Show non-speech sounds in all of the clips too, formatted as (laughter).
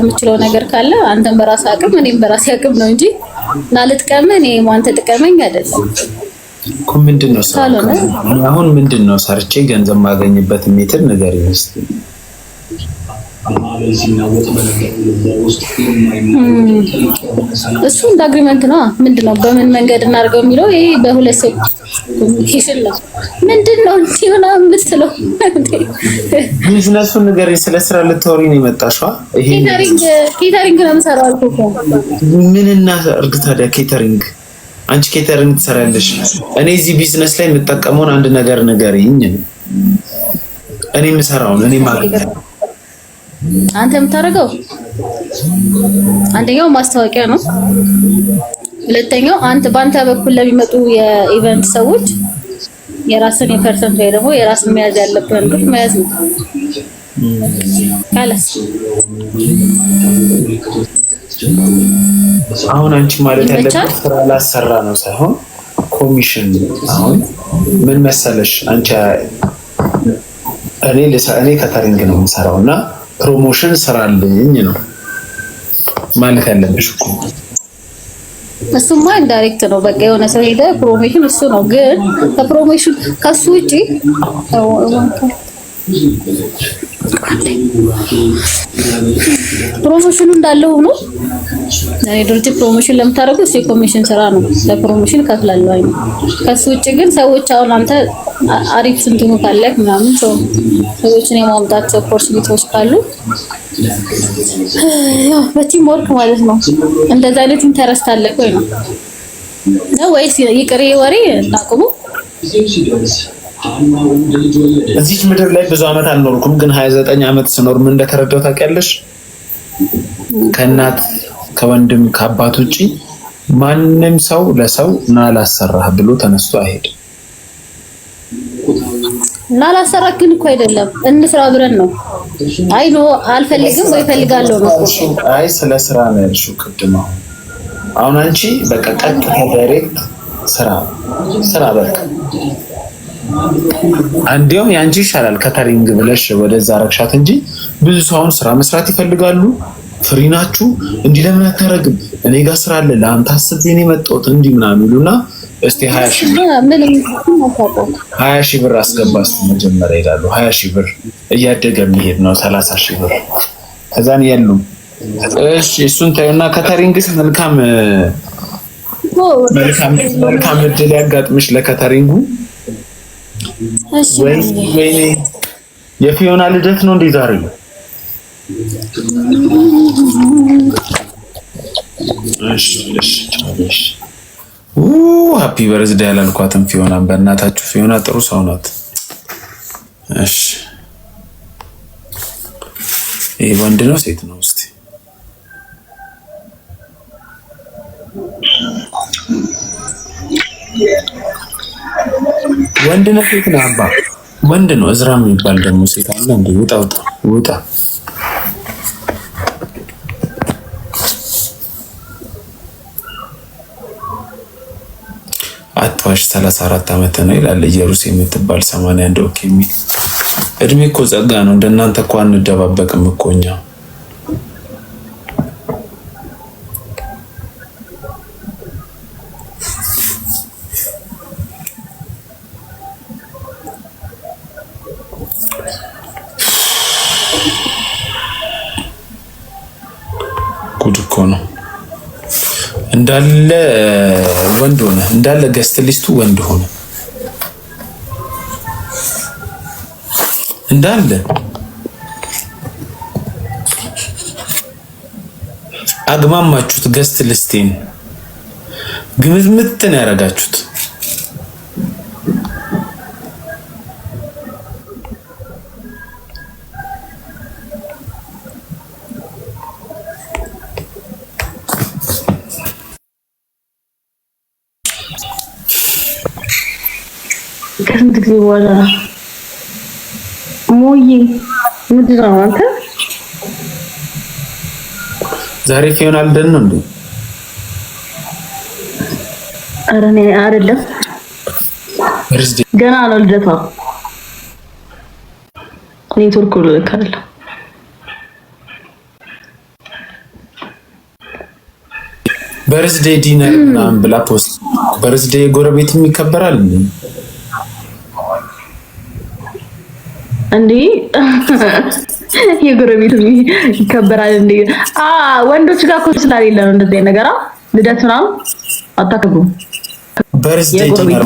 የምችለው ነገር ካለ አንተን በራስ አቅም እኔም በራሴ አቅም ነው እንጂ እና ልጥቀም እኔ አንተ ጥቀመኝ አይደለም እኮ። ምንድን ነው አሁን ምንድን ነው ሰርቼ ገንዘብ ማገኝበት ሜትር ነገር ይመስል እሱ እንደ አግሪመንት ነው። ምንድን ነው በምን መንገድ እናድርገው የሚለው ይሄ በሁለት ሰው ኮሚኒኬሽን ነው። ምንድን ነው እንዲሆና የምትለው ቢዝነሱን ንገሪኝ። ስለ ስራ ልታወሪ ነው የመጣሽው? ኬተሪንግ ነው የምሰራው አልኩህ። ምን እና እናድርግ ታዲያ? ኬተሪንግ አንቺ ኬተሪንግ ትሰራለሽ። እኔ እዚህ ቢዝነስ ላይ የምጠቀመውን አንድ ነገር ንገሪኝ። እኔ የምሰራውን እኔ ማግኘት አንተ የምታደርገው አንደኛው ማስታወቂያ ነው። ሁለተኛው አንተ በአንተ በኩል ለሚመጡ የኢቨንት ሰዎች የራስን የፐርሰንት ወይ ደግሞ የራስን መያዝ ያለብህን ብር መያዝ ነው። ካለስ አሁን አንቺ ማለት ያለብሽ ስራ ላሰራ ነው ሳይሆን ኮሚሽን። አሁን ምን መሰለሽ አንቺ እኔ እኔ ከተሪንግ ነው የምሰራው እና ፕሮሞሽን ስራልኝ ነው ማለት ያለብሽ እኮ። እሱማ ዳይሬክት ነው በቃ የሆነ ሰው ሄደ ፕሮሞሽን እሱ ነው። ግን ከፕሮሞሽን ከሱ ውጪ ፕሮሞሽኑ እንዳለው ሆኖ ድርጅት ፕሮሞሽን ለምታደርጉ እሱ የኮሚሽን ስራ ነው፣ ለፕሮሞሽን ከፍላለሁ። አይ ከሱ ውጭ ግን ሰዎች አሁን አንተ አሪፍ ስንትኑ ካለህ ምናምን ሰዎችን የማምጣት ኦፖርቹኒቲዎች ካሉ ያው በቲም ወርክ ማለት ነው። እንደዛ አይነት ኢንተረስት አለ ወይ ነው ነው ወይስ ይቅሬ ወሬ እናቁሙ። እዚች ምድር ላይ ብዙ አመት አልኖርኩም፣ ግን 29 አመት ስኖር ምን እንደተረዳው ታውቂያለሽ? ከእናት ከወንድም ከአባት ውጭ ማንም ሰው ለሰው ና ላሰራህ ብሎ ተነስቶ አይሄድም። እና ላሰራክን ግን እኮ አይደለም እንስራ ብለን ነው። አይ ኖ አልፈልግም ወይ ፈልጋለሁ ነው። አይ ስለ ስራ ነው ያልሽው ቅድም። አሁን አሁን አንቺ በቃ ቀጥታ ዳይሬክት ስራ ስራ በቃ አንዴውም ያንቺ ይሻላል ከተሪንግ ብለሽ ወደዛ ረግሻት እንጂ ብዙ ሰውን ስራ መስራት ይፈልጋሉ ፍሪ ናችሁ እንዲህ ለምን አታረግም? እኔ ጋር ስራ አለ ለአንተ አስቤ ነው የመጣሁት እንዲህ ምናምን ይሉና እስቲ 20 ሺህ ብር አስገባ ሺህ አስገባስ መጀመሪያ ይላሉ። 20 ሺህ ብር እያደገ የሚሄድ ነው 30 ሺህ ብር ከዛን ያሉ እሺ፣ እሱን ታዩና ከተሪንግስ መልካም መልካም መልካም እድል ያጋጥምሽ ለከተሪንጉ። ወይኔ የፊዮና ልደት ነው እንዴ ዛሬ? ሀፒ በርዝዴ ያላልኳትም ፊዮናን በእናታችሁ ፊዮና ጥሩ ሰው ናት። ይህ ወንድ ነው ሴት ነው? እስኪ ወንድ ነው ሴት ነው? አባ ወንድ ነው። እዝራ የሚባል ደግሞ ሴት አለ። እንደ ውጣ ውጣ ውጣ አጥዋሽ 34 ዓመት ነው ይላል። ኢየሩስ የምትባል 81 ኦኬ የሚል እድሜ እኮ ጸጋ ነው። እንደናንተ እኮ አንደባበቅም እኮ እኛ ጉድ እኮ ነው። እንዳለ ወንድ ሆነ፣ እንዳለ ገስት ሊስቱ ወንድ ሆነ እንዳለ አግማማችሁት። ገስት ሊስቴን ግምት ምትን ያደርጋችሁት። ከስንት ጊዜ በኋላ ሞዬ ምንድን ነው አንተ ዛሬ ፊዮና አልደን ነው እንዴ? ኧረ እኔ አይደለም ገና ነው ልደቷ። ኔትወርክ ልልካለሁ። በርዝዴ ዲነር ምናምን ብላ ፖስት በርዝዴ ጎረቤትም ይከበራል እንዴ? እንዴ የጎረቤቱ ይከበራል እንዴ? ወንዶች ጋር እኮ ስለሌለ ነው እንደዚህ ነገር። ልደት ምናምን አታከብሩም። በርዝዴ ዲነር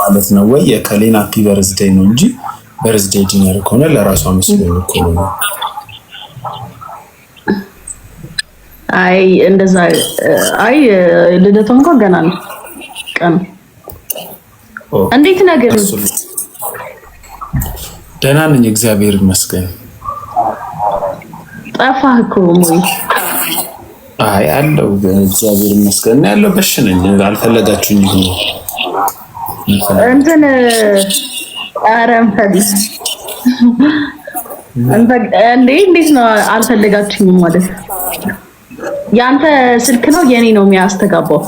ማለት ነው ወይ የከሌን ሃፒ በርዝዴ ነው እንጂ በርዝዴ ዲነር ከሆነ ለራሷ መስሎ እኮ ነው። አይ እንደዛ አይ ልደቷ እንኳን ገና ነው ቀኑ። እንዴት ነገር ደህና ነኝ፣ እግዚአብሔር ይመስገን። ጠፋህ እኮ አይ አለው እግዚአብሔር ይመስገን ያለው። በሽ ነኝ፣ አልፈለጋችሁኝ ይሁን እንትን ኧረ እንፈልግ እንዴት ነው አልፈለጋችሁኝም ማለት ያንተ ስልክ ነው የኔ ነው የሚያስተጋባው?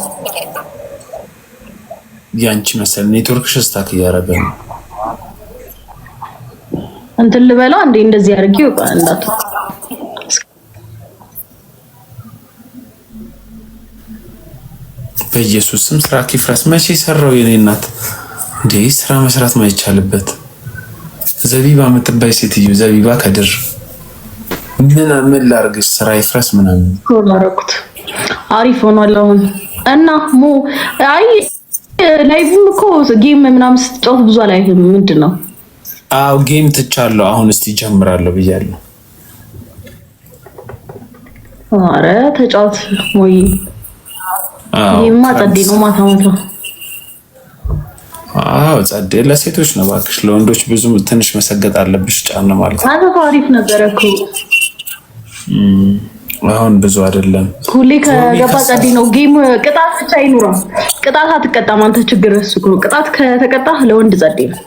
ያንቺ መሰል ኔትወርክ ስታክ እያረገ ነው እንትን ልበላ እንዴ እንደዚህ አድርጌው እንዳት በኢየሱስ ስም ስራ ኪፍረስ መቼ ሰራው የኔ እናት እንዴ ስራ መስራት ማይቻልበት ዘቢባ የምትባይ ሴትዮ ዘቢባ ከድር ምን ምን ላርግ ስራ ይፍረስ ምናምን ኮላረኩት አሪፍ ሆኗል አሁን እና ሙ አይ ላይቭም እኮ ጌም ምናምን ስትጫወት ብዙ አላይህም ምንድን ነው አው ጌም ትቻለሁ። አሁን እስቲ ጀምራለሁ ብያለሁ። አረ ተጫወት ወይ ይሄማ ጸዴ ነው። ማታ ማታ አዎ ጸዴ ለሴቶች ነው እባክሽ፣ ለወንዶች ብዙ ትንሽ መሰገጥ አለብሽ። ጫን ማለት ነው። አንተ አሪፍ ነበረ እኮ አሁን ብዙ አይደለም። ሁሌ ከገባ ጸዴ ነው። ጌም ቅጣት ብቻ ይኑራ። ቅጣት አትቀጣም አንተ። ችግር እሱ ነው። ቅጣት ከተቀጣ ለወንድ ጸዴ ነው።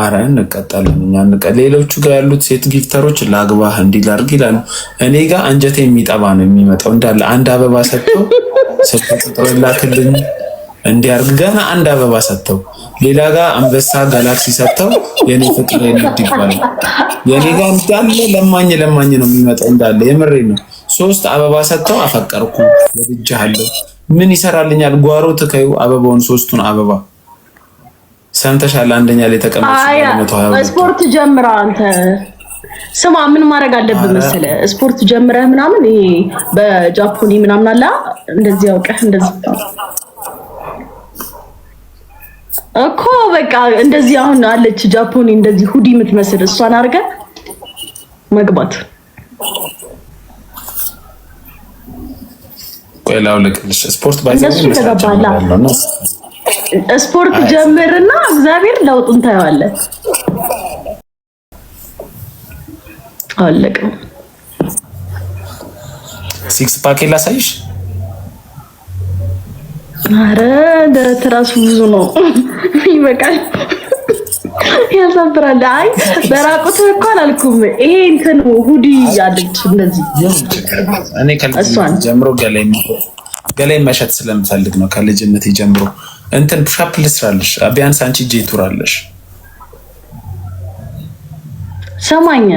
አረ እንቀጣለን እኛ እንቀ- ሌሎቹ ጋር ያሉት ሴት ጊፍተሮች ላግባህ እንዲላርግ ይላሉ። እኔ ጋር አንጀቴ የሚጠባ ነው የሚመጣው እንዳለ አንድ አበባ ሰጥተው ሰጥተው ላክልኝ እንዲያርግ ገና አንድ አበባ ሰጥተው ሌላ ጋር አንበሳ ጋላክሲ ሰጥተው የኔ ፍቅር ንግድ ይባላል። የኔ ጋር እንዳለ ለማኝ ለማኝ ነው የሚመጣው እንዳለ የምሬ ነው። ሶስት አበባ ሰጥተው አፈቀርኩ ወድጃለሁ ምን ይሰራልኛል? ጓሮ ትከዩ አበባውን ሶስቱን አበባ ሰምተሻል? አንደኛ ላይ ተቀመጥሽ። ስፖርት ጀምራ አንተ ስማ፣ ምን ማድረግ አለብህ መሰለህ? ስፖርት ጀምረህ ምናምን ይሄ በጃፖኒ ምናምን አለ እንደዚህ ያውቀህ እንደዚህ እኮ በቃ እንደዚህ አሁን አለች ጃፖኒ እንደዚህ ሁዲ የምትመስል እሷን አድርገህ መግባት ቆይ ላውልቅልሽ ስፖርት ባይዘ ስፖርት ጀምርና እግዚአብሔር ለውጡን ታየዋለን። አለቀ። ሲክስ ፓኬ ላሳይሽ። አረ ደረት ራሱ ብዙ ነው፣ ይበቃል። ያሳፍራል። አይ በራቁት እኮ አላልኩም። ይሄ እንትን ሁዲ ያለች እነዚህ እኔ ከልጅ ጀምሮ ገላይ ገላይ መሸጥ ስለምፈልግ ነው ከልጅነት ጀምሮ እንትን ፑሻፕ ልስራለሽ፣ ቢያንስ አንቺ እጄ ይቱራለሽ። ሰማኝ።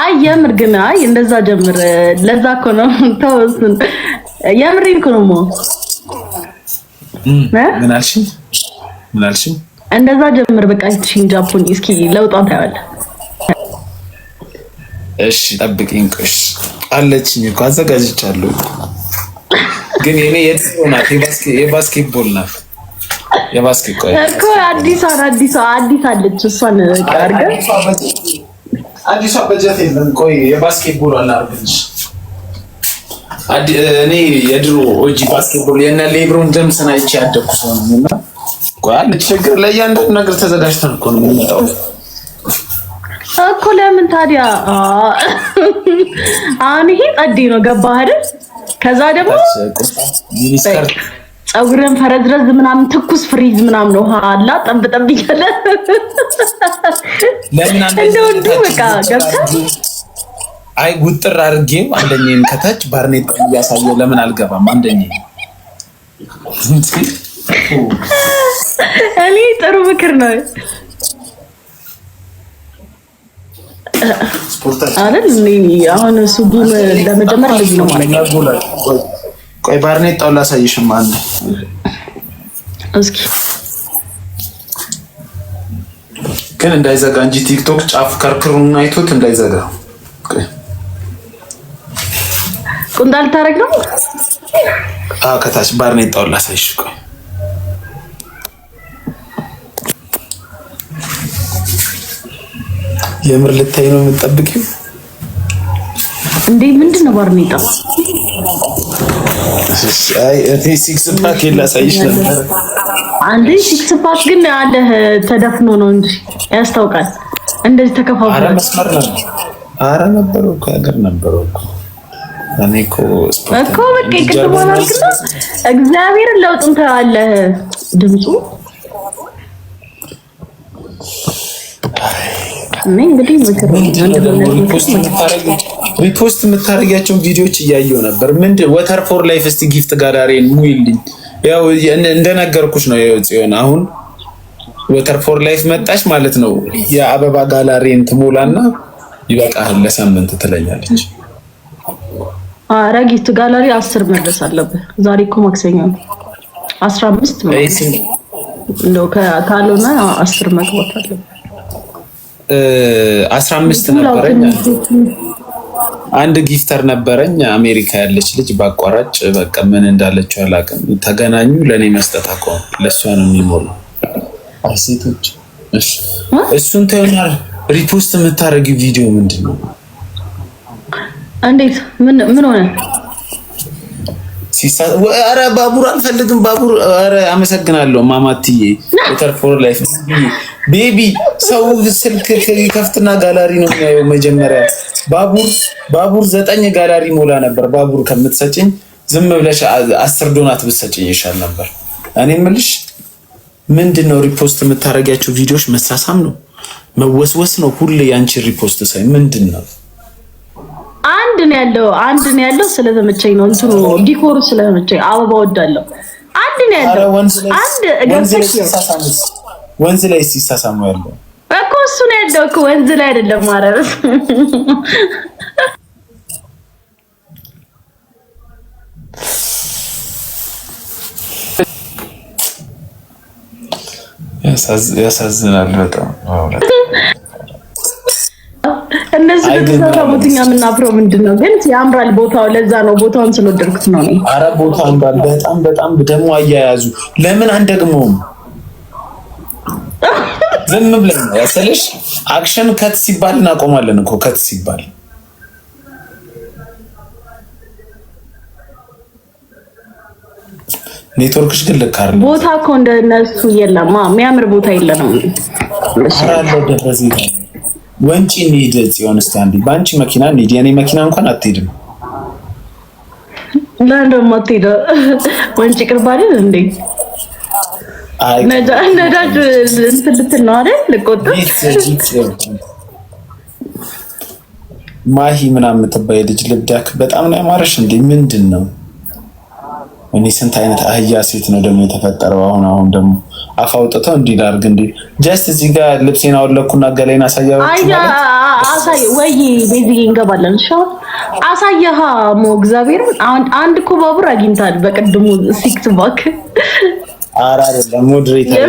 አይ የምር ግን አይ እንደዛ ጀምር። ለዛ እኮ ነው (laughs) ተው፣ እሱን የምሬን እኮ ነው። ምን አልሽኝ? ምን አልሽኝ? እንደዛ ጀምር በቃ። ሂንጃፑን እስኪ ለውጣ ታያለ። እሺ ጠብቂኝ። እሺ አለችኝ እኮ አዘጋጅቻለሁ። ግን የኔ የድሮ ናት፣ የባስኬትቦል ናት። የባስኬት እኮ አዲሷን አዲሷ አዲስ አለች። እሷን አድርገን አዲሷ በጀት የለም። ቆይ የባስኬትቦል አላርግልሽ። እኔ የድሮ ኦጂ ባስኬትቦል የነ ሌብሮን ጀምስን አይቼ ያደኩ ሰው ነው እና ችግር ለእያንዳንዱ ነገር ተዘጋጅተን እኮ ነው የምንመጣው እኮ ለምን ታዲያ አሁን ይሄ ጸዴ ነው ገባህ አይደል? ከዛ ደግሞ ፀጉርን ፈረዝረዝ ምናምን ትኩስ ፍሪዝ ምናምን ውሃ አላ ጠብ ጠብ እያለ እንደ ወንዱ በቃ አይ ጉጥር አድርጌው አንደኛም ከታች ባርኔጣ እያሳየ ለምን አልገባም? አንደኛ እኔ ጥሩ ምክር ነው። አይደል? አሁን እሱ ጉም ለመጀመር ልጅ ነው ማለት ነው። ቆይ ባርኔጣውን ላሳይሽም አለ እስኪ ግን እንዳይዘጋ እንጂ ቲክቶክ ጫፍ ከርክሩን አይቶት እንዳይዘጋ። ቁንጣ ልታረግ ነው ከታች ባርኔጣውን ላሳይሽ ቆይ የምር ልታይ ነው የምትጠብቂው እንዴ? ምንድን ነው ባርኔጣ? አይ እኔ ሲክስ ፓክ ላሳይሽ ነበር። አንዴ ሲክስ ፓክ ግን አለ ተደፍኖ ነው እንጂ ያስታውቃል። እንደዚህ ተከፋፍሏል። ነው። አረ ነበረው እኮ ያገር ነበረው እኮ እኔ እኮ እኮ በቃ ቅድም አላልክና እግዚአብሔርን ለውጥን ታያለህ ድምፁ እኔ እንግዲህ ዝክር ሪፖስት የምታደርጊያቸው ቪዲዮዎች እያየው ነበር። ምንድን ወተር ፎር ላይፍ እስቲ ጊፍት ጋዳሬን ሙይልኝ። ያው እንደነገርኩሽ ነው ጽዮን፣ አሁን ወተር ፎር ላይፍ መጣሽ ማለት ነው። የአበባ ጋላሬን ትሞላና ይበቃህል ለሳምንት ትለኛለች። አረ ጊፍት ጋላሪ አስር መድረስ አለብህ። ዛሬ እኮ ማክሰኛ ነው። አስራ አምስት ነው ካልሆነ አስር መግባት አለብህ አስራ አምስት ነበረኝ አንድ ጊፍተር ነበረኝ አሜሪካ ያለች ልጅ በአቋራጭ በቃ ምን እንዳለችው አላውቅም። ተገናኙ ለእኔ መስጠት አቋም ለእሷ ነው የሚሞሉ ሴቶች። እሱን ተሆና ሪፖስት የምታደረግ ቪዲዮ ምንድን ነው? እንዴት ምን ሆነ? ኧረ ባቡር አልፈልግም ባቡር። ኧረ አመሰግናለሁ ማማትዬ ተርፎር ላይ ቤቢ ሰው ስልክ ከፍትና ጋላሪ ነው የሚያየው። መጀመሪያ ባቡር ባቡር ዘጠኝ ጋላሪ ሞላ ነበር። ባቡር ከምትሰጭኝ ዝም ብለሽ አስር ዶናት ብትሰጭኝ ይሻል ነበር። እኔ ምልሽ ምንድን ነው ሪፖስት የምታደርጊያቸው ቪዲዮዎች መሳሳም ነው መወስወስ ነው። ሁሌ ያንቺን ሪፖስት ሳይ ምንድን ነው አንድ ነው ያለው አንድ ነው ያለው ስለተመቸኝ ነው እንትኑ ዲኮሩ ስለተመቸኝ አበባ ወዳለው አንድ ነው ያለው አንድ ገብተሽ ወንዝ ላይ ሲሳሳሙ ያለው እኮ እሱ ነው ያለው እኮ ወንዝ ላይ አይደለም ማረብ ያሳዝናል በጣም እነዚህ በተሰራሙትኛ የምናፍረው ምንድን ነው ግን የአምራል ቦታው ለዛ ነው ቦታውን ስለወደድኩት ነው አረ ቦታ አምራል በጣም በጣም ደግሞ አያያዙ ለምን አንደግመውም ዝም ብለኝ ነው ያሰለሽ። አክሽን ከት ሲባል እናቆማለን እኮ ከት ሲባል ኔትወርክሽ ግን ልክ አይደለም። ቦታ እኮ እንደነሱ የለም። የሚያምር ቦታ የለንም። ወንጪ እንሂድ ጽዮን፣ እስኪ አንዴ በአንቺ መኪና እንሂድ። የኔ መኪና እንኳን አትሄድም። ለእንደውም አትሄድ ወንጪ ቅርብ አይደል እንዴ? ነዳጅ እንትን ልትል ነው አይደል? ልቆጥብ ማሂ ምናምን የምትባይ ልጅ ልብዳክ በጣም ነው ያማረሽ። እንዴ! ምንድን ነው እኔ ስንት አይነት አህያ ሴት ነው ደግሞ የተፈጠረው። አሁን አሁን ደግሞ አፋውጥተው እንዲዳርግ ላድርግ እንዲ ጀስት እዚህ ጋር ልብሴን አወለኩና ገላይን አሳያ ወይ ቤዚ እንገባለን። እሺ አሳያሃ ሞ እግዚአብሔርን አንድ እኮ ባቡር አግኝታል በቅድሙ አራ አይደለም ሞዴሬተር